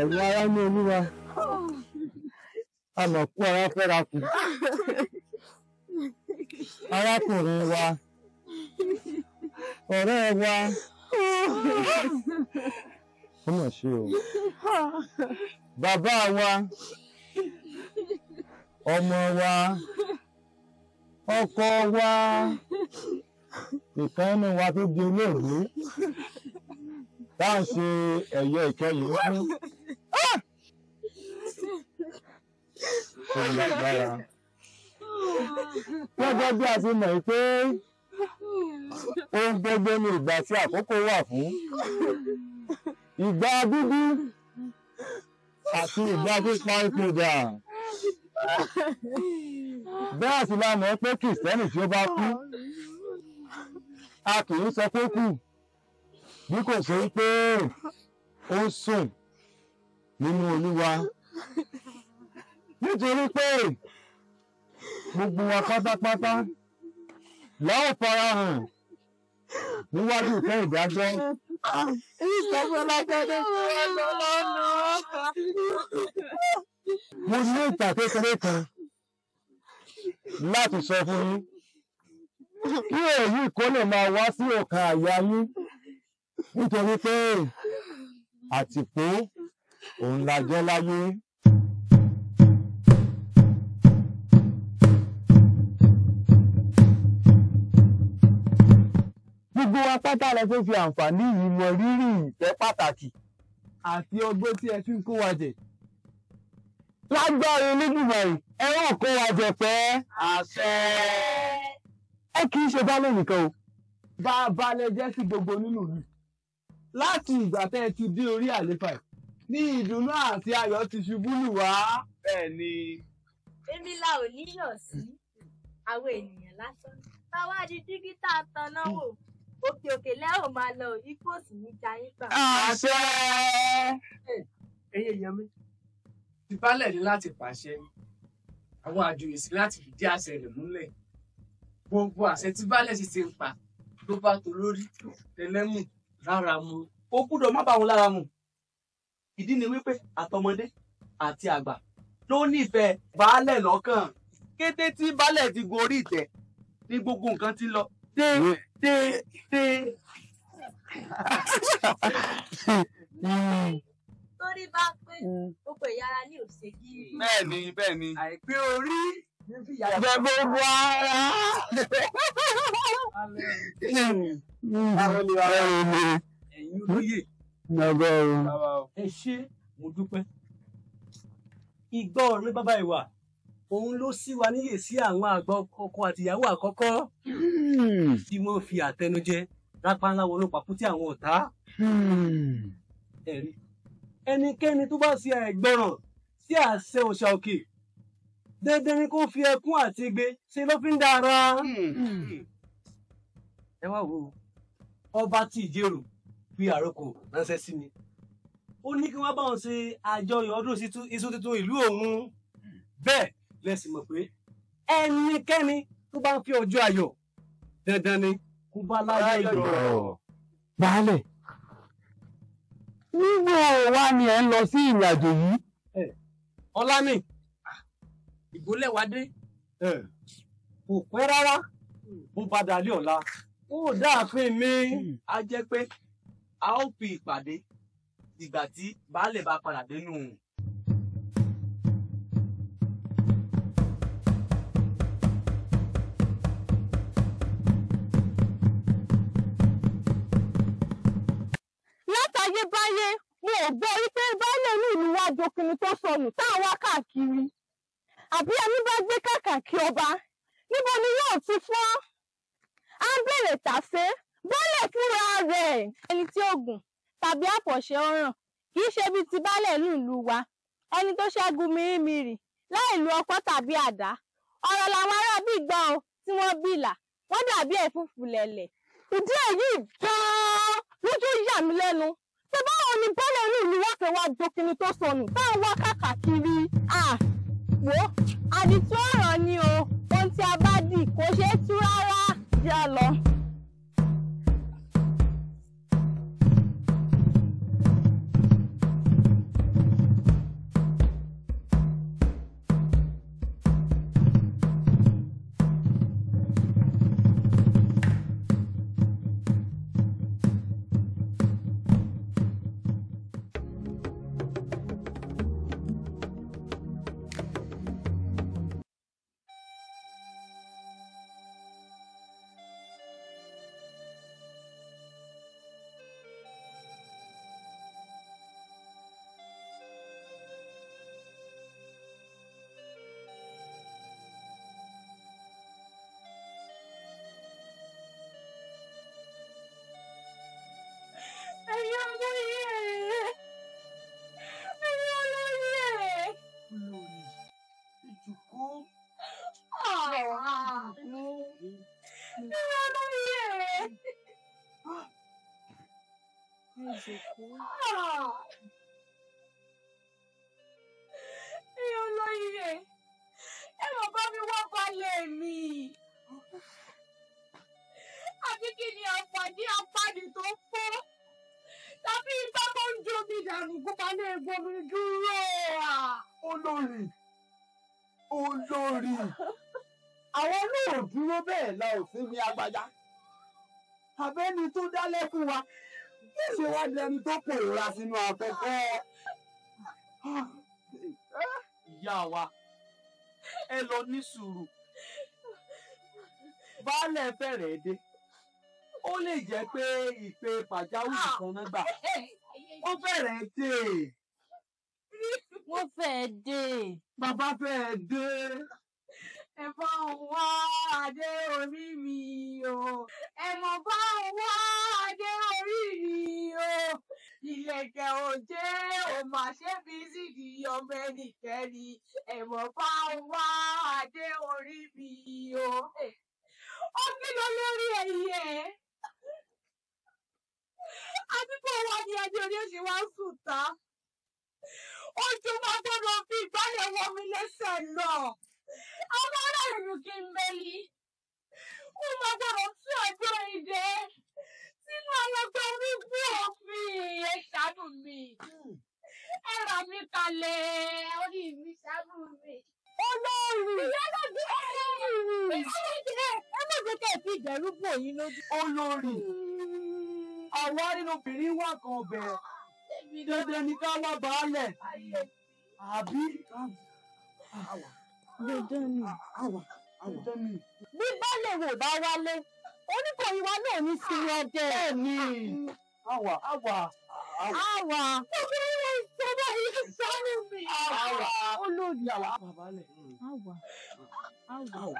ẹ̀rù ara ní olúwa àmọ̀kú ara fẹ́ra kù arákùnrin wa ọ̀rẹ́ wa ó mà ṣe o bàbá wa ọmọ wa ọkọ wa ìkan nínú wa tó di olóògbé bá ń ṣe ẹ̀yẹ ìkẹyìn ó ní. gẹ́gẹ́ bí a ti mọ̀ pé ohun gbogbo ni ìgbà tí àkókò wà fún ìgbà dúdú àti ìgbà pípa ìpèdà bẹ́ẹ̀ sì la mọ̀ pé kìrìsìtẹ́nì tí ó bá kú a kì í sọ pé kù bí kò ṣe pé ó ń sùn nínú olúwa nítorí pé gbogbo wa pátápátá la ó fara hàn níwájú ìfẹ́ ìdájọ́. mo ní ìtàkékeré kan láti sọ fún yín kí èyí kó lè máa wá sí ọkà àyà yín nítorí pé àtìpó òun la jẹ́ láyé. gbogbo wa pátá lẹ fẹ́ fi àǹfààní yìí mọ rírì ìfẹ́ pàtàkì àti ọgbọ́n tí ẹ fi ń kó wa jẹ. lágbára onígbìmọ̀ yìí ẹ ó kó wa jọ pé àṣẹ. ẹ kì í ṣe baálé nìkan o bàbá lẹ jẹ́ sí gbogbo nínú mi láti ìgbà tẹ́ ẹ ti dé orí àléfà ẹ̀ ní ìdùnnú àti ayọ̀ ti ṣubú lù wá. bẹ́ẹ̀ ni. èmi la ò níyọ̀ sí àwọn ènìyàn lásán táwa di dígítà tanná wò òkè òkè lẹ́hìn máa lọ ikú òsì ní jayín gbà. àṣẹ. ẹyẹ yẹmi ti bálẹ̀ ní láti pàṣẹ àwọn àjòyè sí láti fìdí àṣẹ rẹ̀ múlẹ̀ gbogbo àṣẹ tí baálẹ̀ sì ti ń pa ló bá tó lórí tẹlẹ́mù lára mu. ó gbúdọ̀ má bá wọn lára mu ìdí ni wípé àtọmọdé àti àgbà ló nífẹ̀ẹ́ baálẹ̀ lọ́kàn kété tí baálẹ̀ ti gun orí ìtẹ́ ní gbogbo nǹkan ti lọ dé dé dé. torí bá pé mm. gbogbo ìyára ní òṣèlú. bẹ́ẹ̀ ni bẹ́ẹ̀ ni. àìpé orí bẹ gbogbo ara. àwọn olùwà rẹ̀ ni. olóyè. ẹ ṣé mo dúpẹ́. ìgbọ́ ọ̀run bàbá ìwà òun ló ṣí wa níyè sí àwọn àgbà ọkọ àtìyàwó àkọ́kọ́ hmm. tí wọ́n fi àtẹnujẹ rápánláwo ló papò tí àwọn ọ̀tá hmm. ẹ̀rí ẹnikẹ́ni tó bá ṣe àìgbọràn sí àṣẹ òòṣà òkè dandan ni kó fi ẹkún àti igbe ṣe ló fi ń dára. ẹ wá wo ọba tí ìjérò fi àròkọ ránṣẹ́ sí mi ó ní kí wọ́n bá wọn ṣe àjọyọ̀ ọdún iṣu tuntun ìlú òun bẹ́ẹ̀ lẹ́sìn mọ̀ pé ẹnikẹ́ni tó bá ń fi ọjọ́ ayọ̀ dandan ni kó bá láyé ìgbọràn. baálẹ̀ níbo wa ni ẹ ń lọ sí ìrìn àjò yìí. ọlámì ah, ìgbólẹ̀ wa dé kò pẹ́ rárá bó bá dalé ọ̀la ó dáàfin mi á jẹ́ pé a ó fi ìpàdé ìgbà tí baálé bá padà dénú wọn ò gbọ́ wípé baálẹ̀ ní ìlú wa jokin tó sọnù táwọn káàkiri àbí ẹni bá gbé kàkàkí ọba níbo ni yóò ti fọ́ á bèrè tàṣé baálẹ̀ fúnra rẹ̀ ẹni tí oògùn tàbí àpọ̀ṣẹ ọ̀ràn kì í ṣe bíi ti baálẹ̀ nílùú wa ẹni tó ṣẹ́gun mìíràn láì lu ọkọ́ tàbí àdá ọ̀rọ̀ làwọn ará bíi gbọ́ ọ tí wọ́n bìlà wọ́n dàbí ẹ̀fúfù lẹ̀lẹ̀ ìdí èyí gan-an lójú yà mí lẹ́nu ṣe báwo ni bọ́ọ̀lù ẹ̀rí mi wá fẹ́ wá jokini tó sọnù tá à ń wá káàkiri wò àdìtú ọ̀rọ̀ ni o ohun tí a bá dì kò ṣeé tú rárá jẹ́ lọ. sunkún. Ẹ olóyè, ẹ mọ̀ bá mi wá balẹ̀ mi. Àbí kí ni àǹfààní apáni tó fọ́? Tàbí ibà tó ń jomi dànù kó bá lè gbomi dúró. Olórí, olórí, àwọn náà dúró bẹ́ẹ̀ la ò sí mi agbada. Àbẹ́ni tó dá lẹ́kùn wa ṣe wá dẹni tó pòórá sínú afẹ́fẹ́. ìyá wa ẹ lọ ní sùúrù baálẹ̀ fẹ̀rẹ̀ dé ó lè jẹ́ pé ìpè pàjáwìrì kan náà gbà ó fẹ̀rẹ̀ dé. wọ́n fẹ́ dé. bàbá fẹ́ dé ẹ bá ń wá adé orí mi o ẹ mọ̀ bá ń wá adé orí mi o ìlẹ̀kẹ̀ òjé ò mà ṣe fi sídi ọmọ ẹnikẹ́ni ẹ mọ̀ bá ń wá adé orí mi o ó gbé lọ lórí ẹyẹ àti tó wà ní adé orí òṣì wá sùn tá ojú máa gbọ́dọ̀ fi ìgbálẹ̀ wọ mi lẹ́sẹ̀ lọ àwọn aráàlú kì í mẹ́lì ó máa gbọ́dọ̀ sí ọjọ́ ìdẹ sínú ọlọ́gbọ́n wíwú òfin ẹ ṣàánú mi hmm. ẹ rà mí kalẹ̀ orí mi ṣàánú mi. Olórí! Olórí! Ẹ má jẹ́ kẹ́ ẹ̀ fi ìdẹ̀rú bò yín lójú. Olórí! Àwa nínú obìnrin wà kan bẹ̀rẹ̀. Dandan ni ká wá baálẹ̀. Àbí? Àwa dandan ni ah, ah, ah, dandan ni. bí baálẹ̀ wò bá wálé oníkòyí wa náà ní sinmi ọdẹ. bẹ́ẹ̀ni àwa àwa àwa. ọkùnrin wa ìjọba yìí sáré mi. àwa olórí àwa àbàbálẹ̀. àwa àwa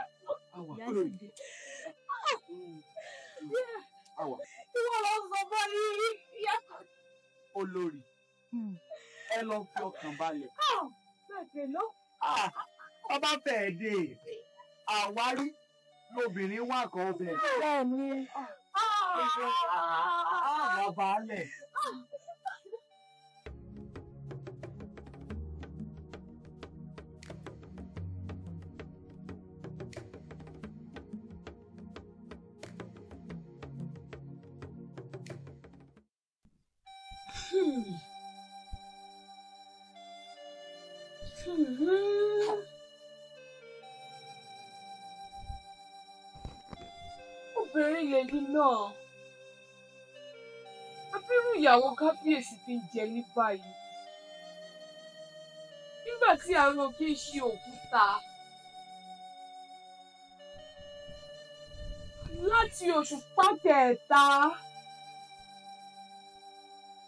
àwa olórí. àwa. ìwọ lọ sọ bọ́ ní ìyá kan. olórí ẹ lọ fi ọkàn balẹ̀. bẹ́ẹ̀ lọ. ọba fẹ̀ẹ́dè àwárí lobìnrin wà kan ọbẹ̀. bẹ́ẹ̀ni àwọn baálẹ̀. Hmm. Hmm. lèyí náà abirú ìyàwó kábíyèsí fi ń jẹ ní báyìí nígbà tí àrùn kì í ṣe òkúta láti oṣù pákẹ́ẹ̀ta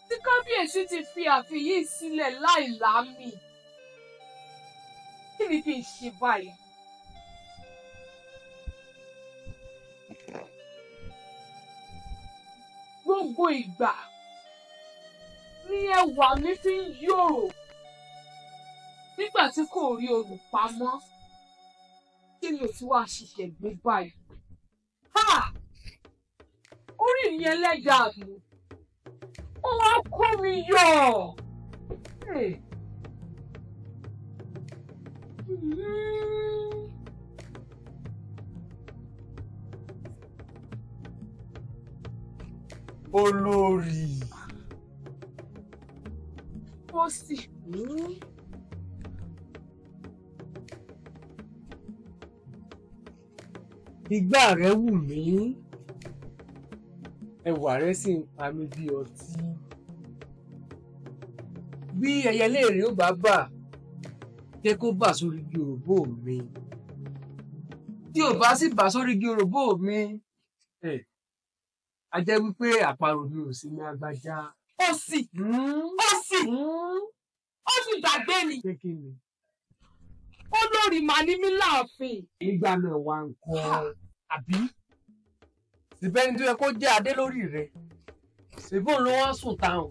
tí kábíyèsí ti fi àfiyí sílẹ̀ láìláàmì kí ni kí n ṣe báyìí. gbogbo ìgbà ni ẹwà mi fi ń yòrò nígbà tí kò rí olùpamọ́ kí ni òtún wàá ṣiṣẹ́ gbé báyìí. orí ìyẹn lẹ́yà mi wọ́n á kó mi yọ̀. Hey. olórí. bọ́sì. ìgbà rẹ wù mí ẹwà rẹ sì ń pa mí bí ọtí bí ẹyẹlé rẹ ó bá bà jẹ́ kó bà sórí igi òròbó mi tí ò bá sì bà sórí igi òròbó mi. Hey a jẹ́ wípé àparò mi ò sí ní agbájá. ó sì hmm? ó sì hmm? ó sì gbàgbé mi. pé kí ni. ó lórí màá ní mí láàfin. nígbà náà wá ń kọ́ àbí síbẹ̀ ni tó yẹ kó jẹ́ adé lórí rẹ̀ ṣèbóun ló wá sùn táwọn.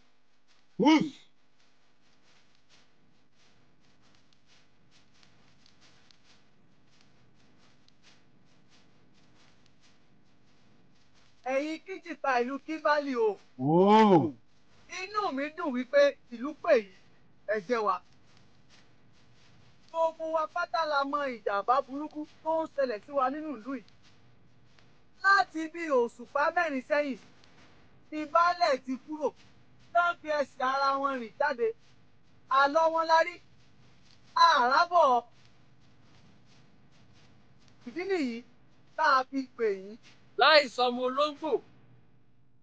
Woo! Ẹ̀yin kìtìpá ìlú Kíválì o. Inú mi dùn wípé ìlú pè yí ẹ̀jẹ̀ wa. Gbogbo wa pátá la mọ ìjàmbá burúkú tó ń ṣẹlẹ̀ sí wa nínú ìlú yìí. Láti bí òṣùpá mẹ́rin sẹ́yìn, ni ti kúrò tán fi ẹsẹ̀ ara wọn rìn jáde àlọ́ wọn lárí àràbọ̀ ìdí nìyí tá a fi pè yín. láì sọmọ olóńgbò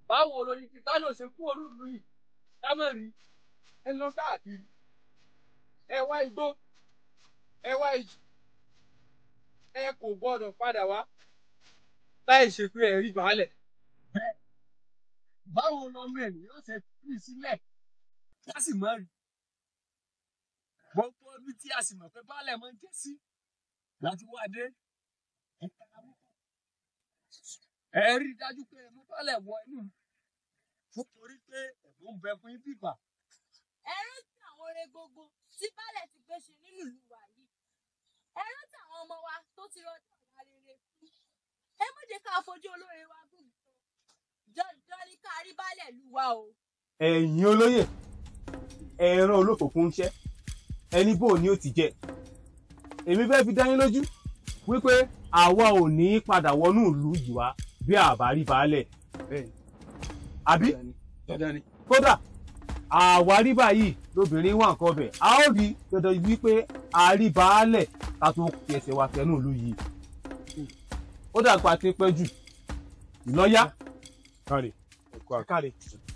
báwo lórí titano ṣe kú olúlu yìí dámọ̀rí ẹ lọ káàkiri ẹ wá igbó ẹ wá ijù ẹ kò gbọdọ̀ padà wá láì ṣe pé ẹ rí baálẹ̀ báwo lọmọ ènìyàn ṣe kú fi sílẹ̀ kí a sì mọ̀ rí gbogbo ibi tí a sì mọ̀ pé baálẹ̀ máa ń jẹ́ sí láti wá dé ẹ̀ka ẹ rí i dájú pé ẹ̀mú baálẹ̀ wọ inú nítorí pé ẹ̀mú ń bẹ fún bíbà. ẹ rántí àwọn oore gbogbo tí baálẹ̀ ti gbé ṣe nínú ìlú wa yìí ẹ rántí àwọn ọmọ wa tó ti rọjò ọ̀la rere fún ẹ má ká fojú olóore wa gùn jọjọ ni ká rí baálẹ̀ lù wá o ẹ̀yin olóyè ẹran olófòfó ń ṣẹ́ ẹni bò ní ó ti jẹ èmi fẹ́ fi dá yín lójú wípé àwa ò ní padà wọnú ìlú yìí wá bí àbá rí baálẹ̀ àbí kódà àwárí báyìí lóbìnrin wà nǹkan ọbẹ̀ a ó rí dandan wípé a rí baálẹ̀ ká tó ẹsẹ̀ wa tẹnu ìlú yìí ó dàgbà tí pẹ́ jù lọ́yà. káre ẹ̀kọ́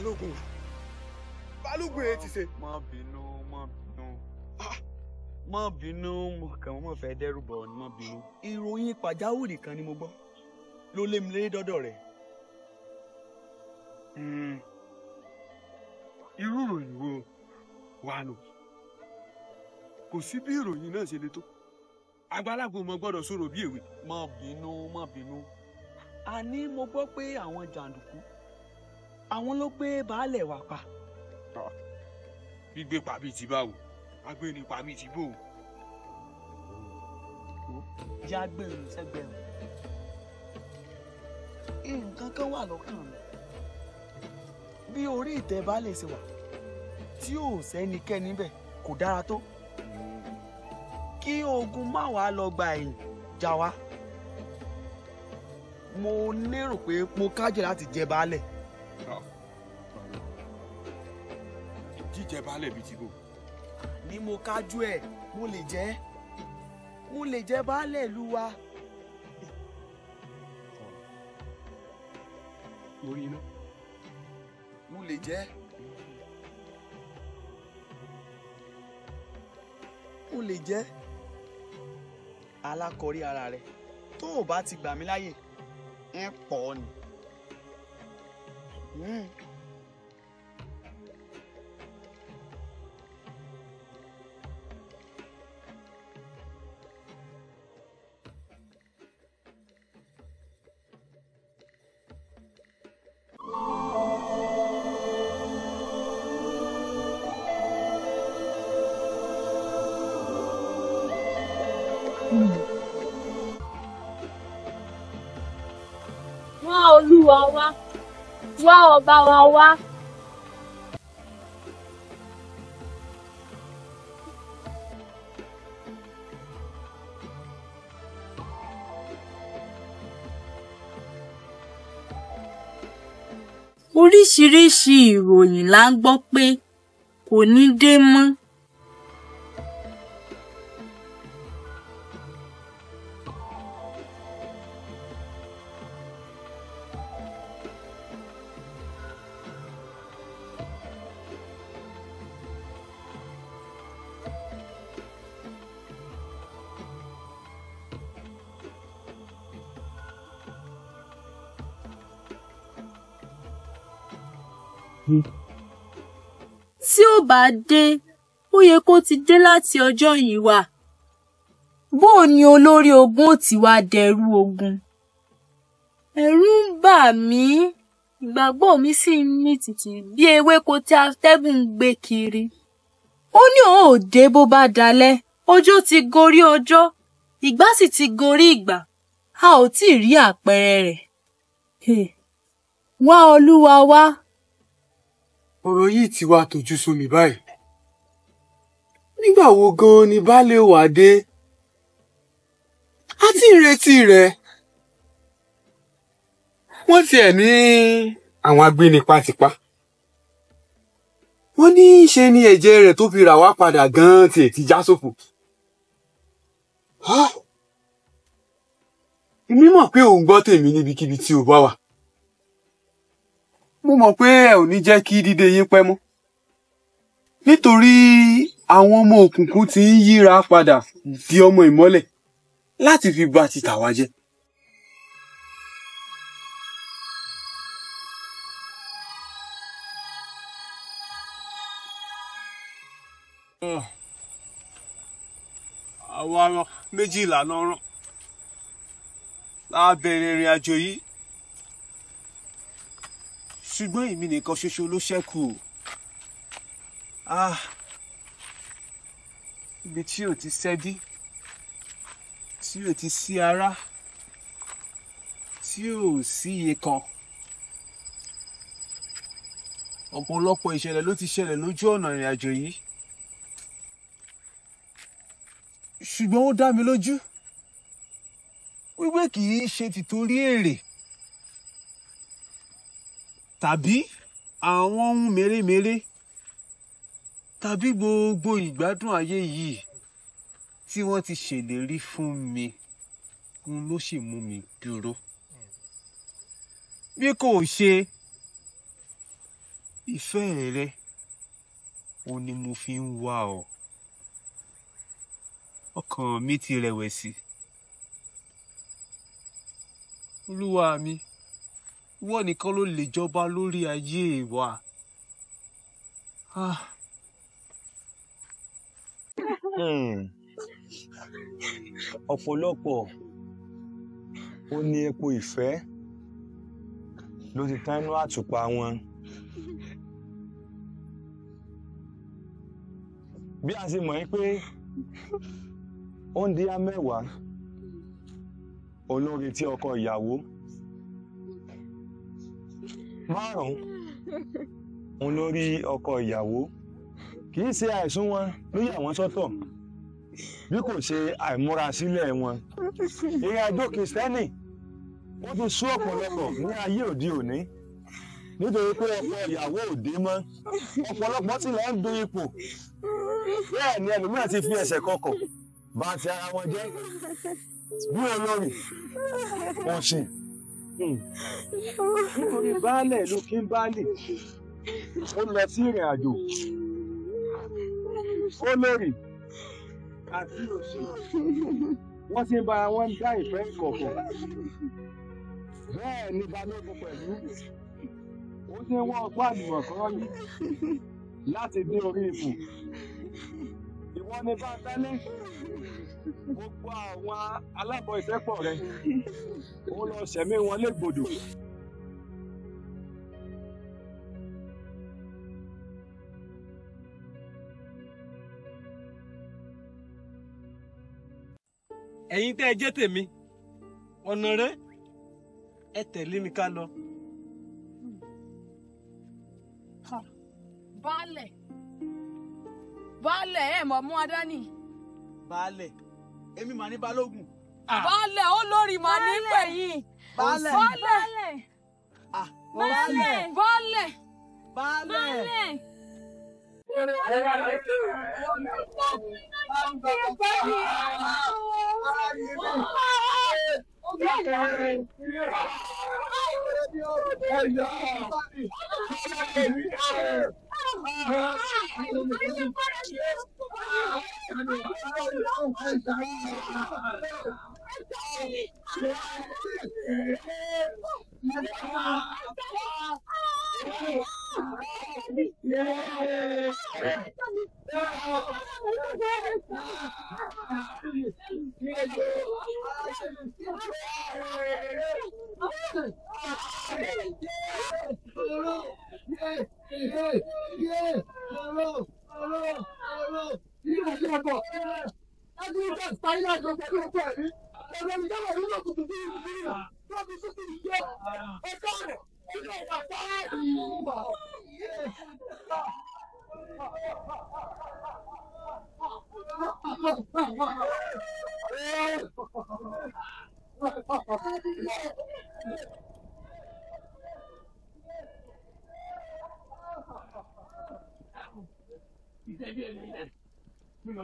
balógun balógun yẹn ti ṣe. má bínú má bínú má bínú mo kàn mọ́ fẹ́ dẹ́rù bọ̀ ni má bínú. ìròyìn pàjáwìrì kan ni mo gbọ́ ló lé mi lé dọ́dọ̀ rẹ̀. Hmm. irú ìròyìn wo wà nù kò sí bí ìròyìn náà ṣe le tó àgbàlagbà mo gbọ́dọ̀ sọ̀rọ̀ bí èwe. má bínú má bínú a ní mo gbọ́ pé àwọn jàǹdùkú àwọn ló gbé baálẹ̀ wa pa. Ah, gbígbé pa bíi ti báwo agbẹ́ni pa mí ti bò. ìyá agbẹ́rù sẹ́gbẹ̀rún nǹkan kan wà lọ́kàn mi bí orí ìtẹ́ baálẹ̀ ṣe wà tí ò sẹ́nikẹ́ni bẹ̀ kò dára tó kí ogun má wàá lọ gba ẹ̀yìn jà wá mo lérò pé mo kájẹ láti jẹ baálẹ̀. jẹ́ baálẹ̀ bíi ti bò. ni mo kájú ẹ mo lè jẹ́ mo lè jẹ́ baálẹ̀ ìlú wa. mo rí iná. mo lè jẹ́. mo lè jẹ́. alákọ̀rí ara rẹ̀ tó o bá ti gbà mí láyè ń pọ̀ ni. Mm. bá wọn wá. oríṣiríṣi ìròyìn là ń gbọ́ pé kò ní dé mọ́ bá dé ó yẹ kó ti dé láti ọjọ́ yìí wá bóò ni olórí ogun ó ti wá dẹrú ogun ẹ̀rù ń bà mí ìgbàgbọ́ mi sì ń mì tìtì bí ewéko tí atẹ́gùn ń gbé kiri ó ní òun ò dé bó bá dalẹ́ ọjọ́ ti gorí ọjọ́ ìgbà sì ti gorí ìgbà a ò tí ì rí àpẹẹrẹ rẹ̀ wá olúwa wá ọ̀rọ̀ yìí ti wá tojú sú mi báyìí. nígbà wo gan-an ni baálé wà dé? a ti ń retí rẹ̀. wọ́n tiẹ̀ ní àwọn agbénipa ti pa. wọ́n ní í ṣe ni ẹ̀jẹ̀ rẹ̀ tó fi rà wá padà gan-an tiẹ̀ ti já sófò. Ah! èmi mọ̀ pé òun gbọ́ tèmi níbikíbi tí o bá wà mo mọ̀ pé ẹ ò ní jẹ́ kí dídé yín pẹ́ mọ́ nítorí àwọn ọmọ òkùnkùn ti ń yíra padà di ọmọ ìmọ́lẹ̀ láti fi bà ti tàwa jẹ́. àwọn aràn méjìlá lọ́rùn láà ìrìn àjò yìí ṣùgbọ́n èmi nìkan ṣoṣo ló ṣẹ́kù ah ibi tí ò ti ṣẹ́dí tí ò ti sí ara tí ò sí iye kan ọ̀pọ̀lọpọ̀ ìṣẹ̀lẹ̀ ló ti ṣẹlẹ̀ lójú ọ̀nà ìrìn àjò yìí ṣùgbọ́n ó dá mi lójú wípé kì í ṣe tìtorí èrè tàbí àwọn ohun mèremère tàbí gbogbo ìgbádùn ayé yìí tí wọ́n ti ṣèlérí fún mi n ló sì mú mi dúró bí kò ṣe ìfẹ́ rẹ o ni mo fi ń wá ọ ọkàn mi ti rẹ̀wẹ̀sì olúwa mi wọ́n nìkan ló lè jọba lórí ayé wa. Ah. Hmm. ọ̀pọ̀lọpọ̀ ó ní epo ìfẹ́ ló ti tán inú àtùpà wọn. bí a ṣe mọ̀ ẹ́ pé ó ń di á mẹ́wàá olóore tí ọkọ ìyàwó márùn-ún òun lórí ọkọ ìyàwó kì í ṣe àìsùn wọn ló yà wọ́n sọ́tọ̀ bí kò ṣe àìmúrasílẹ̀ wọn ìrìn àjò kìrìsìtẹ́nì ó ti sú ọ̀pọ̀lọpọ̀ ní ayé òde òní nítorí pé ọkọ ìyàwó òde mọ́ ọ̀pọ̀lọpọ̀ sì lọ ń du ipò bẹ́ẹ̀ ni ẹlòmíràn ti fi ẹsẹ̀ kọkọ̀ bá ti ara wọn jẹ́ bí olórí òsì nítorí hmm. baálẹ̀ ìlú Kimbali ó lọ sí ìrìn àjò ó lórí àti òsì wọ́n ti ń bára wọn dá ìfẹ́ ìkọ̀kọ̀ bẹ́ẹ̀ ni balógun pẹ̀lú ó ti ń wá ọgbọ́n àlùmọ̀kọ́rọ́ yìí láti dé orí ipò ìwọ ni bá tẹ́lẹ̀. gbogbo àwọn alábọ̀ ìfẹ́pọ̀ rẹ ó lọ sẹ̀mí wọn légbodò. ẹ̀yin tẹ́ ẹ jẹ́ tèmi ọ̀nà rẹ ẹ tẹ̀lé mi ká lọ. baálẹ̀ baálẹ̀ ẹ̀ mọ̀ mú adání. baálẹ̀. èmi mà ní balógun. baálẹ̀ olórí mà ní pẹ̀yìn. baálẹ̀ baálẹ̀ baálẹ̀ baálẹ̀ baálẹ̀. Thank you. Yeah! Hello! Hello! Hello! ilé ọ̀sẹ̀ ọ̀bọ̀ ẹgbẹ́ta sáyẹ́lá ìjọba ìlú ọ̀pọ̀ ẹ̀mí ọ̀rọ̀ ìjọba ìlú náà tuntun bí ìlú bí wọ́n fi sókè ìjọ ẹ̀ka rẹ̀ ilé ọ̀pọ̀ ẹ̀mí.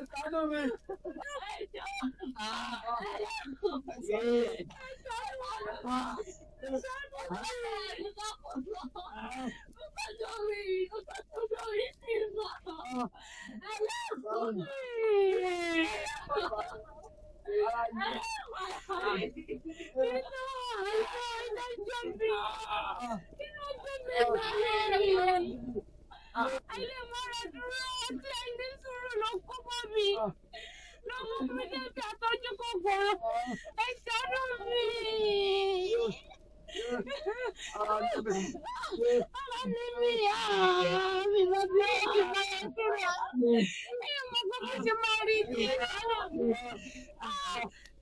頼む。ああ。Thank you. Ah. ilé mọ́ra dúró ọtí ẹni sùúrù ló kú mọ́ mi ah. ló mú mi débi àtọ́jú ẹ ṣàánú mi. Ọmọ mi mi mi lọ sí ẹ̀yìn mọ́ra dúró ẹ̀yìn mọ́ gbogbo ṣe máa rí ìdí ah. náà.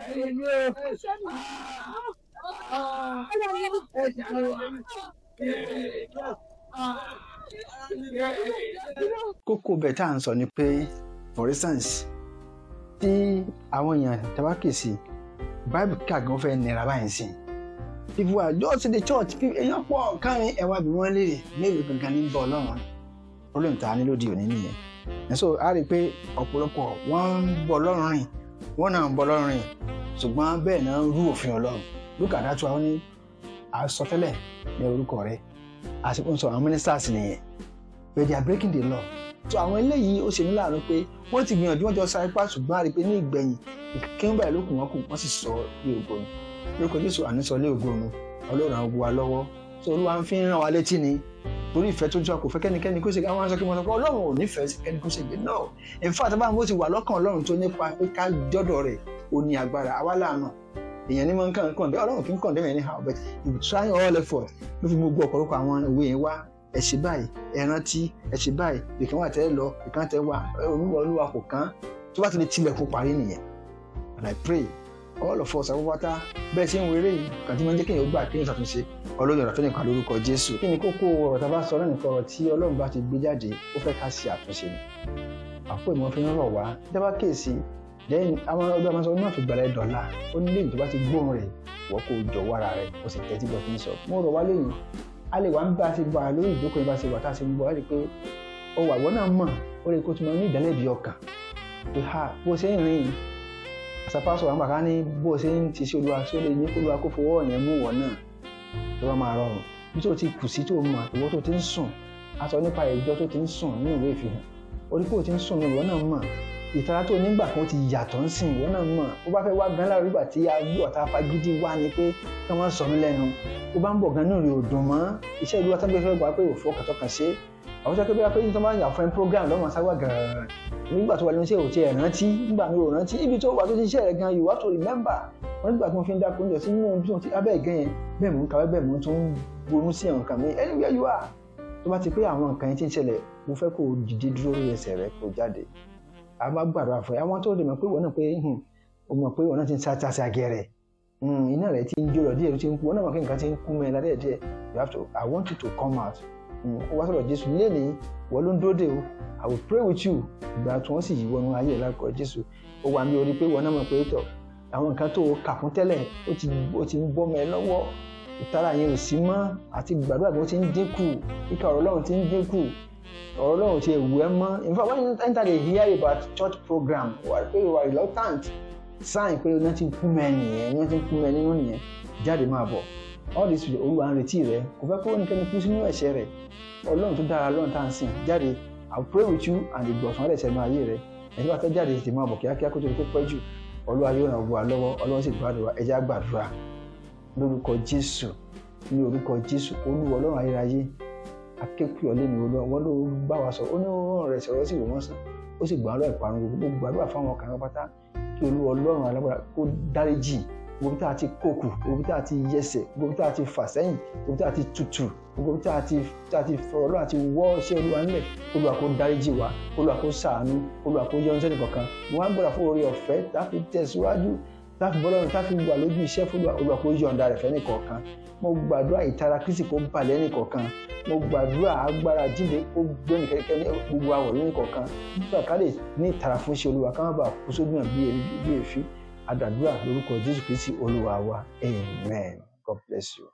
èmi o kókó bẹ̀ tá à ń sọ ni pé for instance tí àwọn èèyàn tabakisi bible kíkà gan fẹ́ nira báyìí sí if we are just in the church èèyàn pọ̀ kárin ẹ̀wà bí wọ́n lè rè mélòó gangan ní bọ̀ ọlọ́run problem tá a ní lóde òní nìyẹn and so a rí i pé ọ̀pọ̀lọpọ̀ wọ́n ń bọ̀ ọlọ́run rìn wọ́n náà ń bọ lọ́rùn rìn ṣùgbọ́n bẹ́ẹ̀ náà ń rú òfin ọlọ́run lùkà dátúwa ó ní àsọtẹ́lẹ̀ ní orúkọ rẹ̀ àti ó ń sọ àwọn ministers nìyẹn where they are breaking the law so àwọn eléyìí ó ṣe ní láàánú pé wọ́n ti gbìyànjú wọ́n jọ sa ipá ṣùgbọ́n a rí i pé ní ìgbẹ̀yìn ìkíńbà ìlókùn wọn kù wọ́n sì sọ ilé ògo ni lórúkọ Jésù àníṣọ ilé ògo ni ọlọ́run àwọn ogun wa lọ́wọ́ tí olúwa ń fi ràn wá létí ni torí ìfẹ́ tó jọ kò fẹ́ kẹ́nikẹ́ni kó ṣe àwọn aṣọ kí wọ́n sọ pé ọlọ́run ò nífẹ̀ẹ́ kẹ́ni kó ṣe náà in fact báwọn bó ti wà lọ́kàn ọlọ́run tó nípa pé ká jọ́dọ̀ rẹ̀ ò ní agbára àwa láàánú èèyàn ní mọ nǹkan kàn dé ọlọ́run kì í kàn dé ní how but try all effort ló fi gbogbo ọ̀pọ̀lọpọ̀ àwọn ìwé yẹn wá ẹ báyìí ẹ rántí báyìí ìkan wà tẹ́ lọ ìkan tẹ́ wà olúwa kò kán tó bá ti lè tilẹ̀kùn parí nìyẹn and I pray all of us àwọn pátá bẹ́ẹ̀ sí ń wo eré yìí kàn tí mo ń jẹ́ kéèyàn gbà kéèyàn ṣàtúnṣe ọlọ́run ọ̀rọ̀ fẹ́nìkan lórúkọ jésù. kí ni kókó ọ̀rọ̀ tá a bá sọ náà nìkan ọ̀rọ̀ tí ọlọ́run bá ti gbé jáde ó fẹ́ ká ṣe àtúnṣe ni. àpò ìmọ̀ fi ń rọ̀ wá dábà kéèsì lẹ́yìn àwọn ọgbẹ́ àwọn sọ náà fi gbàlẹ́ dọ̀la ó ní lẹ́yìn tó bá ti gbóhùn rẹ̀ wọ́n kò jọ̀wọ́ ara rẹ̀ ó sì tẹ́tí bọ́ fi ń sọ. mo rọ̀ wá lẹ́yìn a lè wá ń bá a ti gbà lórí ìdókòwò bá a ti wà tá a ti ń bọ̀ láti pé ọwọ́ àgbọ̀ náà mọ̀ ó lè kó tún ní ìdálẹ́bi ọkàn bó ṣe ń rìn yìí sapa sọ̀rọ̀ àgbà ká ní bó o ṣe ń ti sí olúwa ṣé o lè ní kó olúwa kó fowó ọ̀yẹ́ mú wọ̀ náà tó bá máa rọrùn bí tó ti kù sí tó mọ̀ ìwọ tó ti ń sùn a nípa ìjọ tó ti ń sùn ní ìwé ìfihàn orí pé o ti ń sùn ní ìwọ náà mọ̀ ìtara tó nígbà kan ti yàtọ̀ ń sìn ìwọ náà mọ̀ ó bá fẹ́ wá gan lára nígbà tí a gbé ọ̀tá fagídí wá ni pé kí wọ́n sọ mí lẹ́nu ó bá ń bọ̀ gan náà rí òdùn mọ́ iṣẹ́ ìlú wa tábí fẹ́ gbà pé òfò kàtọ́kàn ṣe àwọn sọ pé bí wọ́n pé ní tó máa ń yà fún program lọ́mọ sáwà gan-an nígbà tó wà lóun ṣe ò tiẹ̀ rántí nígbà mi ò rántí ibi tó wà tó ti ṣe rẹ̀ gan-an you have to remember wọn nígbà tí wọ́n fi ń dákun jọ sí inú ohun tí wọ́n ti abẹ́ gan yẹn bẹ́ẹ̀ mò ń kàwé bẹ́ẹ̀ mò ń tún ronú sí àwọn nǹkan mi anywhere you are tó bá ti pé àwọn nǹkan yẹn ti ń ṣẹlẹ̀ mo fẹ́ kó dìde dúró lórí ẹsẹ̀ rẹ kó jáde a máa gbàdúrà fún ẹ àwọn tó lè mọ̀ pé wọ́n náà pé hmm, o mọ̀ pé wọ́n náà ti ń sátasà wá sọ̀rọ̀ jésù lẹ́nìí wọ́n ló ń dóde o i will pray with you ìgbà tí wọ́n sì yí wọnú ayé lákọ̀ jésù ó wà mí orí pé wọ́n náà mọ̀ pé tọ̀ àwọn nǹkan tó kà fún tẹ́lẹ̀ ó ti ń bọ́mọ ẹ lọ́wọ́ ìtara yẹn ò sí mọ́ àti gbàdúrà bí ti ń dínkù kíkà ọ̀rọ̀ ọlọ́run ti ń dínkù ọ̀rọ̀ ọlọ́run ti ẹ̀wù ẹ mọ́ in fact when you enter the hear about church program wà pé wà reluctant sign pé wọ́n ti kú mẹ́rin nìyẹn wọ́n ti kú mẹ́rin all this way olúwa ń retí rẹ kò fẹ́ kó ẹnikẹ́ni kú sínú ẹ̀ṣẹ̀ rẹ ọlọ́run tó dára lọ́run tá à ń sìn jáde i will pray with you and the ìgbọ̀nsán ẹ̀ṣẹ̀ máa yé rẹ ẹ̀ṣẹ̀ bá fẹ́ jáde tètè máa bọ̀ kíákíá kó tó di kó pẹ́ jù olúwa yóò ràn wá lọ́wọ́ ọlọ́run sì gbàdúrà ẹja gbàdúrà lórúkọ jésù ní orúkọ jésù olúwa ọlọ́run ayérayé akékùn ọ̀lẹ́ ni olúwa wọn ló bá wa sọ ó ní ọ̀rọ̀ rẹ̀ sọ̀rọ̀ sì wò wọ́n sàn ó sì gbàdúrà ìparun gbogbo gbàdúrà fáwọn ọkàn pátá kí olúwa ọlọ́run alágbára kó dáríjì gbogbo tá a ti kókù gbogbo tá a ti yẹsẹ̀ gbogbo tá a ti fà sẹ́yìn gbogbo tá a ti tutù gbogbo tá a ti tá a ti fọ̀rọ̀ lọ́wọ́ àti wọ́ ṣé olúwa ńlẹ̀ olúwa kó dáríjì wá olúwa kó ṣàánú olúwa kó yọ ọ́nṣẹ́ni kankan mo wá ń gbọ́dọ̀ fún orí ọ̀fẹ́ tá a fi tẹ̀síwájú tá a fi bọ́lọ́run tá a fi wà lójú iṣẹ́ fún olúwa kó yọ̀ǹda rẹ̀ fẹ́ni kọ̀ọ̀kan mo gbàdúrà ìtara kristi kó balẹ̀ ẹnì kọ̀ọ̀kan mo gbàdúrà agbára jíde kó gbé nìkẹ́kẹ́ ní gbogbo àwọ̀ lónìí kọ̀ọ̀kan nígbà ká lè ní ìtara fún iṣẹ́ olúwa ká má bàa kó sódùn bí èéfín àdàdúrà lórúkọ jésù kristi olúwa wa amen god bless you.